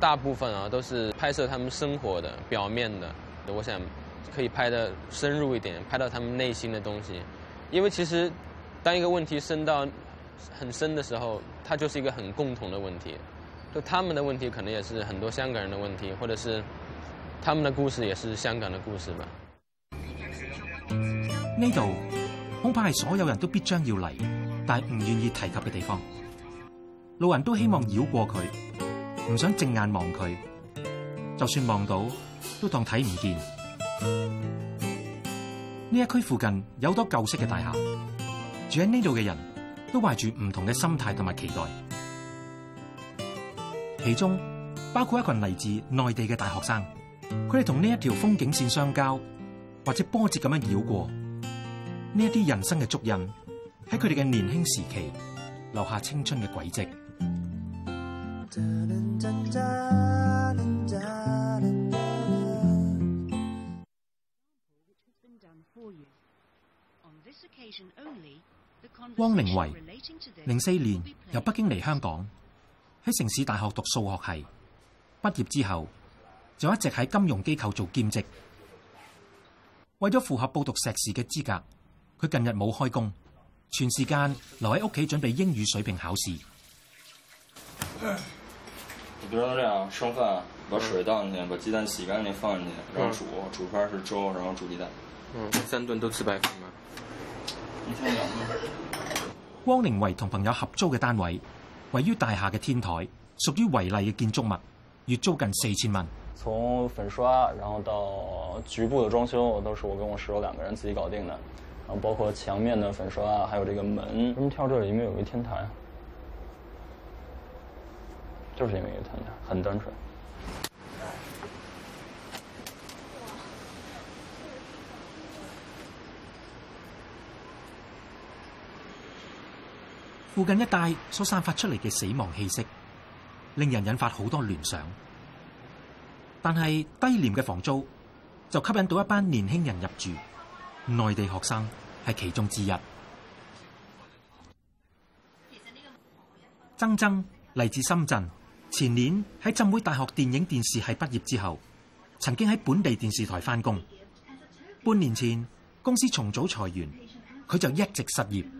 大部分啊都是拍攝他們生活的表面的，我想可以拍得深入一點，拍到他們內心的東西。因為其實當一個問題深到很深的時候，它就是一個很共同的問題，就他們的問題可能也是很多香港人的問題，或者是他們的故事也是香港的故事吧。呢度恐怕係所有人都必將要嚟，但唔願意提及嘅地方，路人都希望繞過佢。唔想正眼望佢，就算望到都當睇唔見。呢一區附近有多舊式嘅大廈，住喺呢度嘅人都懷住唔同嘅心態同埋期待，其中包括一群嚟自內地嘅大學生。佢哋同呢一條風景線相交，或者波折咁樣繞過呢一啲人生嘅足印，喺佢哋嘅年輕時期留下青春嘅軌跡。汪明維零四年由北京嚟香港，喺城市大學讀數學系。畢業之後就一直喺金融機構做兼職。為咗符合報讀碩士嘅資格，佢近日冇開工，全時間留喺屋企準備英語水平考試。你平常這樣吃飯，把水倒進去，把雞蛋洗乾淨放進去，然後煮煮出來是粥，然後煮雞蛋。嗯，三頓都吃白飯嗎？汪寧偉同朋友合租嘅單位，位於大廈嘅天台，屬於違例嘅建築物，月租近四千蚊。從粉刷，然後到局部嘅裝修，都是我跟我室友兩個人自己搞定嘅。然後包括牆面嘅粉刷啊，還有這個門。為什麼跳這裏？因為有個天台。就是因為一個天台，很單純。附近一帶所散發出嚟嘅死亡氣息，令人引發好多聯想。但係低廉嘅房租就吸引到一班年輕人入住，內地學生係其中之一。曾曾嚟自深圳，前年喺浸會大學電影電視系畢業之後，曾經喺本地電視台返工。半年前公司重組裁員，佢就一直失業。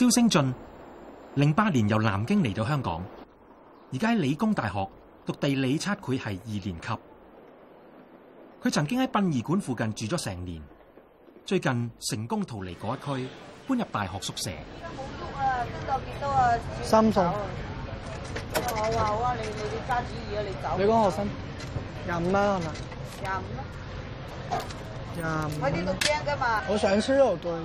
蕭星俊，零八年由南京嚟到香港，而家喺理工大學讀地理測繪系二年級。佢曾經喺殯儀館附近住咗成年，最近成功逃離嗰一區，搬入大學宿舍。而家好肉啊，邊度幾多啊？三十。我話好啊，你你揸主意啊，你走。你講學生廿五蚊係咪？廿五咯。廿五。喺呢度驚噶嘛。我喜歡吃肉多一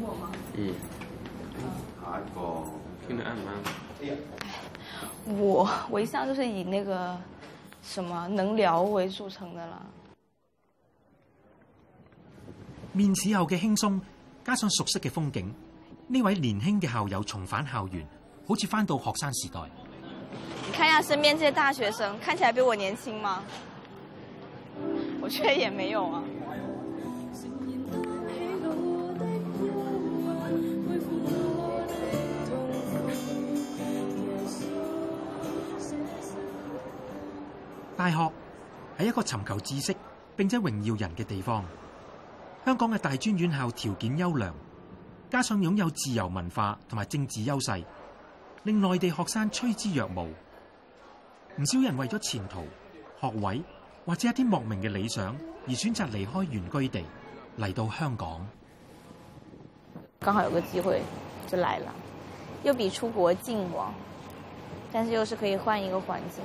我嗎？嗯。聽得懂嗎？哎，我我一向都是以那個什麼能聊為著稱的了。面試後嘅輕鬆，加上熟悉嘅風景，呢位年輕嘅校友重返校園，好似返到學生時代。你看下身邊這些大學生，看起來比我年輕嗎？我覺得也沒有啊。大學係一個尋求知識並且榮耀人嘅地方。香港嘅大專院校條件優良，加上擁有自由文化同埋政治優勢，令內地學生趨之若鶩。唔少人為咗前途、學位或者一啲莫名嘅理想而選擇離開原居地嚟到香港。剛好有個機會就嚟啦，又比出國近喎，但是又是可以換一個環境。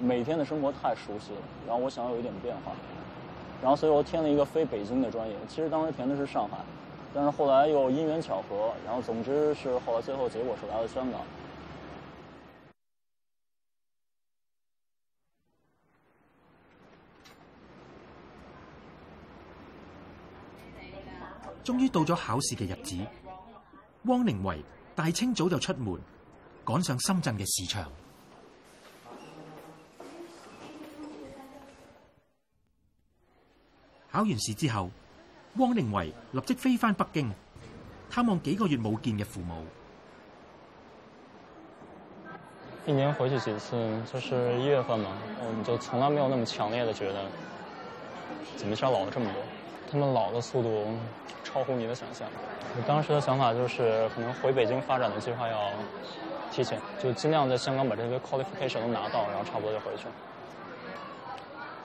每天的生活太熟悉了，然後我想要有一點變化，然後所以我填了一個非北京的專業。其實當時填的是上海，但是後來又因緣巧合，然後總之是後來最後結果是來了香港。終於到咗考試嘅日子，汪寧偉大清早就出門，趕上深圳嘅市場。考完試之後，汪寧維立即飛翻北京，探望幾個月冇見嘅父母。一年回去幾次，就是一月份嘛，我們就從來沒有那麼強烈的覺得，怎麼人老了這麼多，他們老的速度超乎你的想象。我當時的想法就是，可能回北京發展的計劃要提前，就盡量在香港把這些 qualification 都拿到，然後差不多就回去了。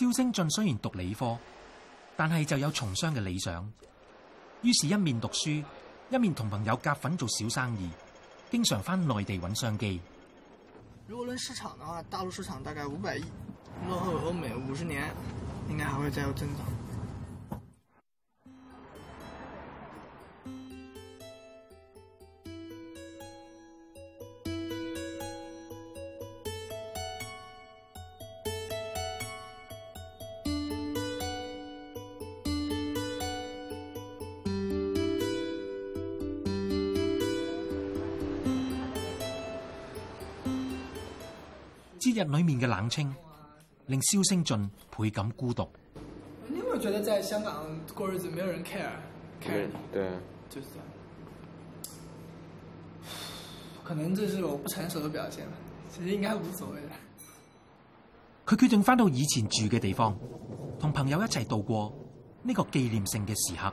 蕭星俊雖然讀理科，但係就有從商嘅理想，於是一面讀書，一面同朋友夾份做小生意，經常返內地揾商機。如果論市場嘅話，大陸市場大概五百億，落後歐美五十年，應該還會再有增長。日裏面嘅冷清，令蕭聲俊倍感孤獨。你有冇覺得在香港過日子，沒有人 care？Care？對、yeah,，yeah. 就是這樣。可能這是我不成熟的表現，其實應該無所謂的。佢決定返到以前住嘅地方，同朋友一齊度過呢個紀念性嘅時刻。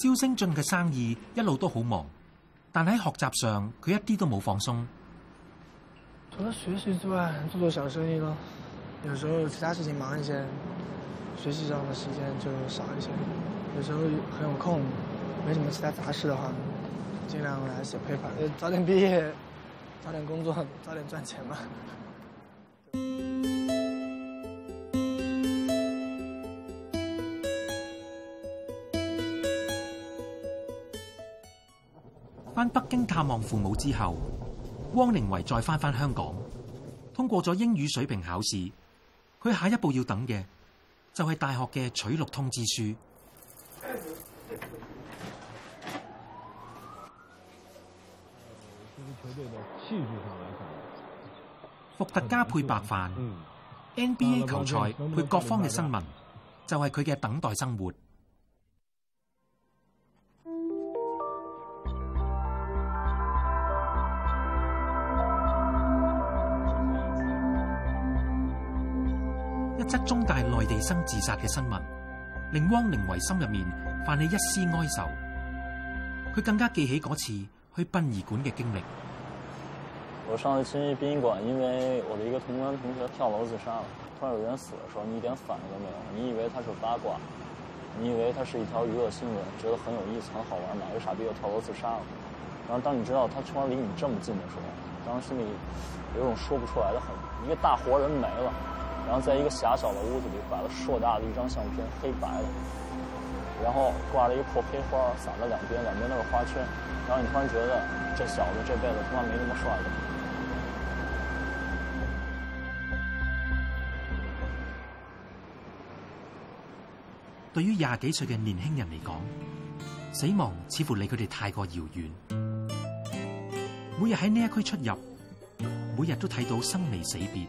蕭星俊嘅生意一路都好忙，但喺學習上佢一啲都冇放鬆。除咗學習之外，做做小生意咯。有時候其他事情忙一些，學習上嘅時間就少一些。有時候很有空，沒什麼其他雜事嘅話，盡量來寫 paper。早點畢業，早點工作，早點賺錢嘛。翻北京探望父母之後，汪寧維再翻返香港，通過咗英語水平考試。佢下一步要等嘅就係、是、大學嘅取錄通知書。伏 特加配白飯、嗯、，NBA 球賽配、嗯、各方嘅新聞，就係佢嘅等待生活。失，中大內地生自殺嘅新聞，令汪寧維心入面泛起一絲哀愁。佢更加記起嗰次去殯儀館嘅經歷。我上次去殯儀館，因為我的一個同班同學跳樓自殺了。突然有人死的時候，你一點反應都沒有，你以為他是八卦，你以為他是一條娛樂新聞，覺得很有意思、很好玩，哪一個傻逼又跳樓自殺了。然後當你知道他突然離你這麼近的時候，當時心裏有種說不出來的很，一個大活人沒了。然後在一個狹小的屋子裏擺了碩大的一張相片，黑白的，然後掛了一個破黑花兒，灑了兩邊，兩邊都是花圈。然後你突然覺得，這小子這輩子他媽沒那麼帥了。對於廿幾歲的年輕人嚟講，死亡似乎離佢哋太過遙遠。每日喺呢一區出入，每日都睇到生離死別。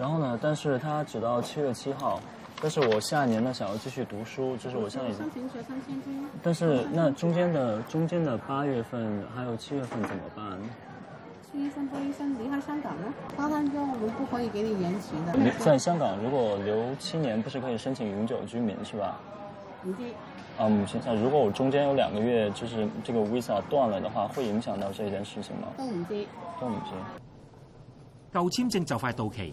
然後呢？但是他只到七月七號，但是我下年呢想要繼續讀書，就是我現在已經，但是那中間的中間的八月份還有七月份怎麼辦？去醫生，托醫生離開香港呢？八分鐘，我們不可以給你延期的。在香港，如果留七年，不是可以申請永久居民是吧？唔知。啊，母親，如果我中間有兩個月，就是這個 visa 斷了的話，會影響到這件事情嗎？都唔知，知。都唔知。舊簽證就快到期。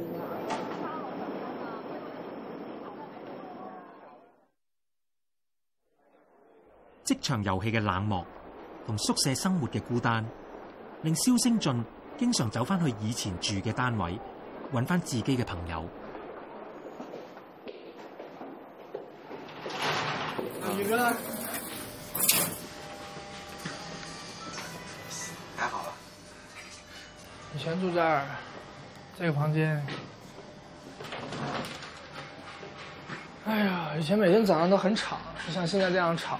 職場遊戲嘅冷漠同宿舍生活嘅孤單，令蕭聲俊經常走翻去以前住嘅單位，揾翻自己嘅朋友。完哥太好了！以前住這兒，這個房間。哎呀，以前每天早上都很吵，不像現在這樣吵。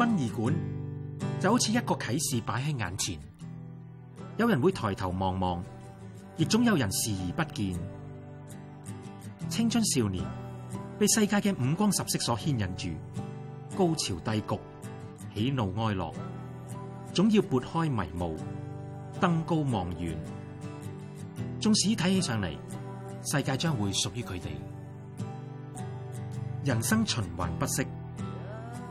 殯儀館就好似一個啟示擺喺眼前，有人會抬頭望望，亦總有人視而不見。青春少年被世界嘅五光十色所牽引住，高潮低谷，喜怒哀樂，總要撥開迷霧，登高望遠。縱使睇起上嚟，世界將會屬於佢哋。人生循環不息。